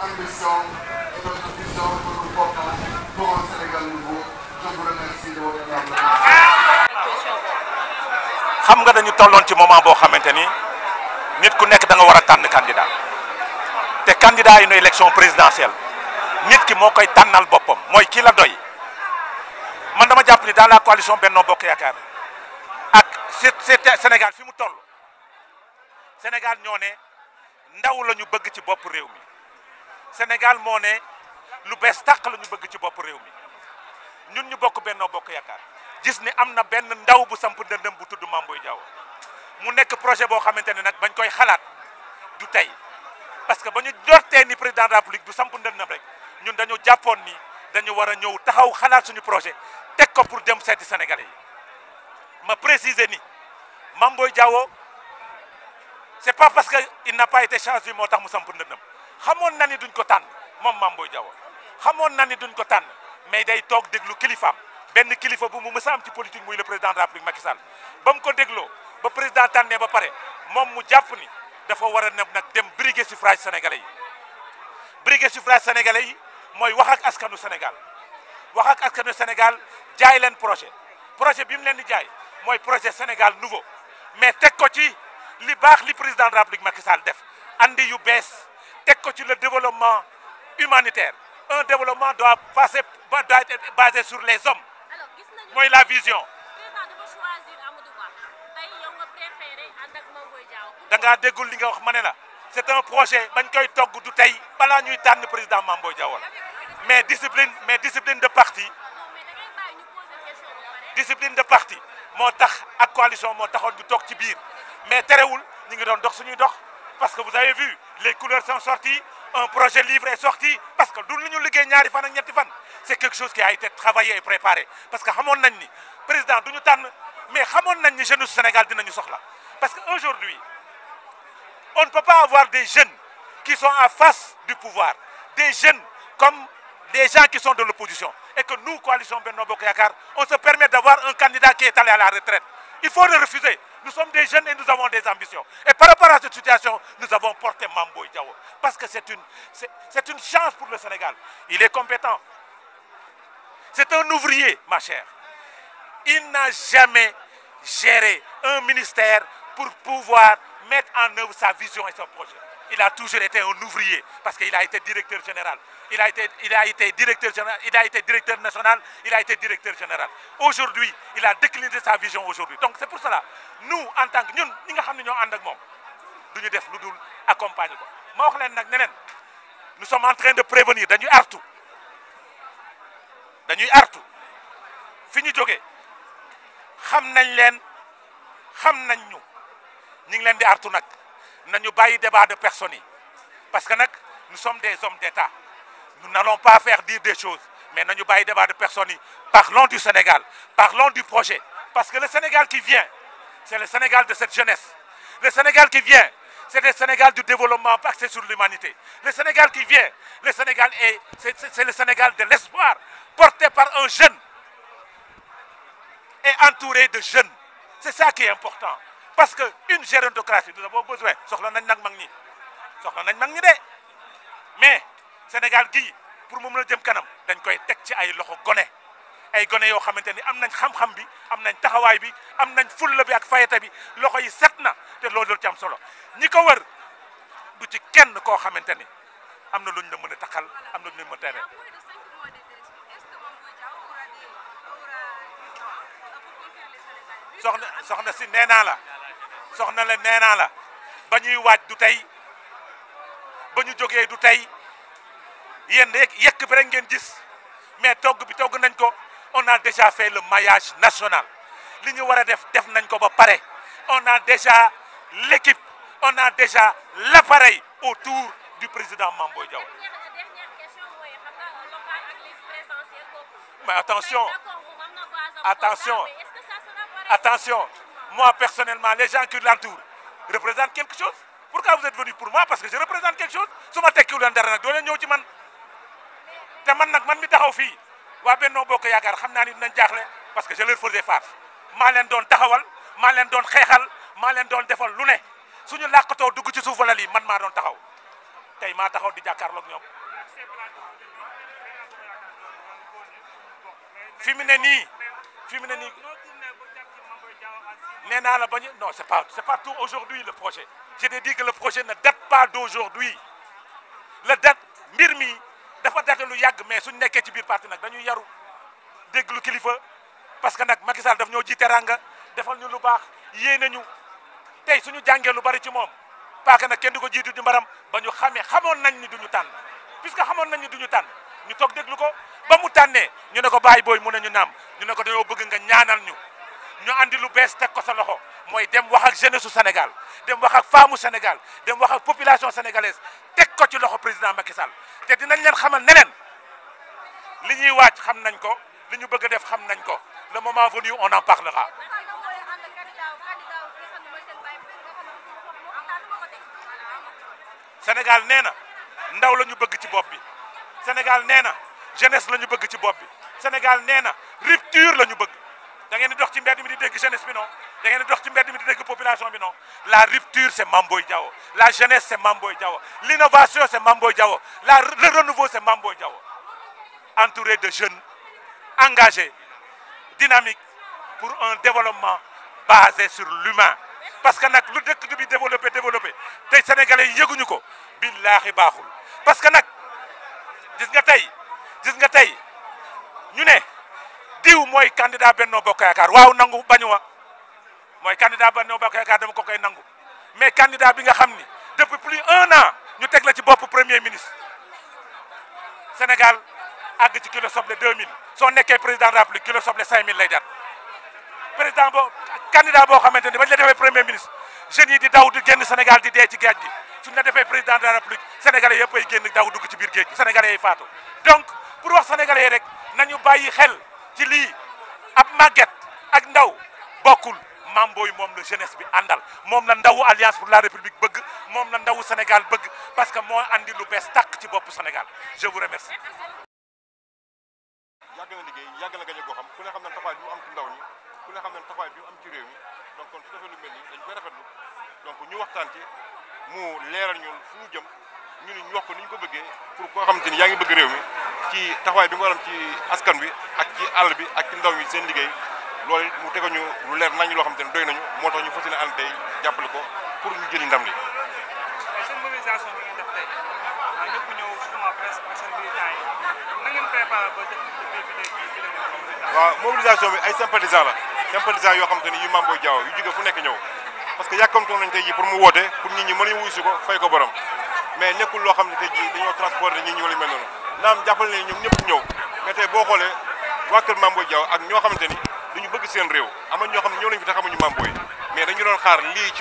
E xam nga dañu tolloon ci moment boo xamante ni nit ku nekk da nga war a tànn candidat te candidat yi no élection présidentielle nit ki moo koy tànnal boppam mooy kii la doy man dama jàpp ni dans la coalition Benno Bokk Yaakaar ak Sénégal fi mu toll Sénégal ñoo ne ndaw lañu bëgg ci bopp réew mi Sénégal moo ne lu bees tàq la ñu bëgg ci bopp réew mi ñun ñu bokk Benno Bokk Yaakaar gis ni am na benn ndaw bu samp ndëndëm bu tudd Mame Boye Diao mu nekk projet boo xamante ne nag bañ koy xalaat du tey parce que ba ñu jortee ni président de la République du samp ndëndëm rek ñun dañu jàppoon ni dañu war a ñëw taxaw xalaat suñu projet teg ko pour dem seeti Sénégalais yi ma préciser ni Mame Boye Diao c'est pas parce que il n'a pas été moo tax mu samp ndëndëm xamoon na ni duñ ko tànn moom Mame Boye Diao xamoon na ni duñ ko tànn mais day toog déglu kilifaam benn kilifa bu mu mës a am ci politique muy le président de la ba mu ko dégloo ba président tànnee ba pare moom mu jàpp ni dafa war a nag dem briguer suffrage sénégalais yi briguer suffrage sénégalais yi mooy wax ak askanu Sénégal wax ak askanu Sénégal jaay leen projet projet bi mu leen di jaay mooy projet Sénégal nouveau mais teg ko ci li baax li président de la République def andi yu bees teg ko ci le développement humanitaire un développement doit passer doit être sur les hommes mooy la vision da ngaa déggul li nga wax ma ne la c'est un projet bañ koy togg du tey balaa ñuy tànn président Mame Boye Diao mais discipline mais discipline de parti ah discipline de parti moo tax ak coalition moo taxoon ñu toog ci biir mais terewul ñu ngi doon dox suñuy dox parce que vous avez vu les couleurs sont sorties un projet livre est sorti parce que du lu ñu liggéey ñaari fan ñetti fan c'est quelque chose qui a été travaillé et préparé parce que xamoon nañ ni président du ñu tànn mais xamoon nañ ni jeunes Sénégal dinañu soxla parce que aujourd'hui on ne peut pas avoir des jeunes qui sont en face du pouvoir des jeunes comme des gens qui sont de l'opposition et que nous coalition Benno Bokk Yaakaar on se permet d'avoir un candidat qui est allé à la Nous sommes des jeunes et nous avons des ambitions. Et par rapport à cette situation, nous avons porté Mamboy Diawo. Parce que c'est une, c'est une chance pour le Sénégal. Il est compétent. C'est un ouvrier, ma chère. Il n'a jamais géré un ministère pour pouvoir mettre en œuvre sa vision et son projet. Il a toujours été un ouvrier parce qu'il a été directeur général. il a été, il a été directeur général, a été directeur national, il a été directeur général. Aujourd'hui, il a décliné sa vision aujourd'hui. Donc c'est pour cela, nous, en tant que nous, nous savons que nous sommes accompagner. Nous sommes en train de prévenir, nous artu tout. Nous sommes tout. Fini xam nañ leen xam nañ ñu ñu ngi leen di artu nag nañu bàyyi débat de personne yi parce que nag nous sommes des hommes d'État Nous n'allons pas faire dire des choses. Mais nous pas débat de personnes. Parlons du Sénégal. Parlons du projet. Parce que le Sénégal qui vient, c'est le Sénégal de cette jeunesse. Le Sénégal qui vient, c'est le Sénégal du développement axé sur l'humanité. Le Sénégal qui vient, le Sénégal est, c'est le Sénégal de l'espoir, porté par un jeune et entouré de jeunes. C'est ça qui est important. Parce qu'une gérontocratie, nous avons besoin. Mais Sénégal gii pour moom la jëm kanam dañ koy teg ci ay loxo gone ay gone yoo xamante ni am nañ xam-xam bi am nañ taxawaay bi am nañ fulla bi ak fayeta bi loxo yi set na te loolu ci am solo ñi ko wër du ci kenn koo xamante ni am na lu la mën a taxal am na lu ñu soxna soxna si nee naa la soxna la nee naa la ba ñuy waaj du tey ba ñu jógee du tey yéen rek yekk bi ngeen gis mais togg bi togg nañ ko on a déjà fait le maillage national li ñu war a def def nañ ko ba pare on a déjà l'équipe on a déjà l'appareil autour du président Mame jaw Diao mais attention attention attention moi personnellement les gens qui l'entourent représentent quelque chose pourquoi vous êtes venu pour moi parce que je représente quelque chose su ma tekkiwul leen dara nag doo ñëw ci man te man nag man mi taxaw fii waa Benno Bokk Yaakaar xam naa ni dinañ jaaxle parce que je leur faisais face maa leen doon taxawal maa leen doon xeexal maa leen doon defal lu ne suñu làqatoo dugg ci suuf wala lii man maa doon taxaw tey maa taxaw di jàkkaarloog ñoom. fi mu ne nii fi mu ne nii naa la bañ non c'est pas c'est pas tout aujourd'hui le projet je t'ai dit que le projet ne date pas d'aujourd'hui le date mbir mi. dafa date lu yàgg mais suñ nekkee ci biir parti nag dañuy yaru dégglu kilifa parce que nag Macky Sall daf ñoo ji teranga defal ñu lu baax yéene ñu tey suñu jàngee lu bari ci moom paaka nag kenn du ko jiitu di mbaram ba ñu xamee xamoon nañ ni ñu tànn puisque xamoon nañ ni duñu tànn ñu toog déglu ko ba mu tànnee ñu ne ko bàyyi booy mu ne ñu naam ñu ne ko dañoo bëgg nga ñaanal ñu andi lu bees teg ko sa loxo mooy dem wax ak jeunesse su Sénégal dem wax ak femme Sénégal dem wax ak population sénégalaise teg ko ci loxo président Macky Sall te dinañ leen xamal ne leen li ñuy waaj xam nañ ko li ñu bëgg a def xam nañ ko le moment venu on en parlera. Sénégal nee na ndaw la ñu bëgg ci bopp bi Sénégal nee na jeunesse la ñu bëgg ci bopp bi Sénégal nee na rupture la ñu bëgg. dangeen ngeen di ci mber mi di dégg jeunesse bi ngeen di ci mbedd mi di bi non la rupture c'est Mame Boye Diao la jeunesse c'est Mame Boye Diao l'innovation c'est Mame Boye Diao la le renouveau c'est Mame Boye Diao entouré de jeunes engagé dynamiques pour un développement basé sur l'humain parce que nag lu dëkk bi développé développé tey sénégalais yëguñu ko billaahi baaxul parce que nag gis nga tey gis nga tey ñu ne diw mooy candidat Benno Bokk Yaakaar waaw nangu bañuma mooy candidat Benno Bokk Yaakaar dem ko koy nangu mais candidat bi nga xam ni depuis plus un an ñu teg la ci boppu premier ministre Sénégal àgg ci kilo soble 2000 soo nekkee président de la République kilo soble 5000 lay jar président boo candidat boo xamante ni ba la defee premier ministre jeunes di daw di génn Sénégal di dee ci géej gi suñ la defee président de la République sénégalais yëpp ay génn daw dugg ci biir géej gi sénégalais yi faatu donc pour wax sénégalais rek nañu bàyyi xel. ci lii ab màgget ak ndaw bokkul Mamboy moom la jeunesse bi àndal moom la ndawu alliance pour la république bëgg moom la ndawu Sénégal bëgg parce que moo andi lu bees tàkk ci boppu Sénégal je vous remercie. yàgg na liggéey yàgg na gañe goo xam ku ne xam na taxawaay bi am ndaw ñi ku ne xam na taxawaay bi mu am ci réew mi donc kon su defee lu mel nii dañ koy rafetlu donc ñu waxtaan ci mu leeral ñun fu ñu jëm. ñu ne ñu wax ko ni ñu ko bëggee pour koo xamante ni yaa ngi bëgg réew mi ci taxawaay bi nga waram ci askan wi ak ci àll bi ak ci ndaw yi seen liggéey loolu mu tego ñu lu leer nañ loo xamante ni doy nañu moo tax ñu fas yéene ànd tey jàppale ko pour ñu jëli ndam li. waaw mobilisation bi ay sympathisants la sympathisants yoo xam te ni yu Mame Boye Diao yu jóge fu nekk ñëw parce que yàkkamtoon nañ tey ji pour mu woote pour nit ñi man a wuyu si ko fay ko borom mais nekkul loo xam ne tey jii dañoo transporter ñi ñëw lañu mel noonu naam jàppale ne ñoom ñëpp ñëw mais tey boo xoolee waa kër ak ñoo xamante ni duñu bëgg seen réew ama ñoo ñëw lañu fi te xamuñu Mame Boye dañu doon xaar lii ci